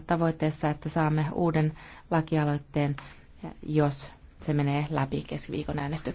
tässä tavoitteessa, että saamme uuden lakialoitteen, jos se menee läpi keskiviikon äänestyksessä.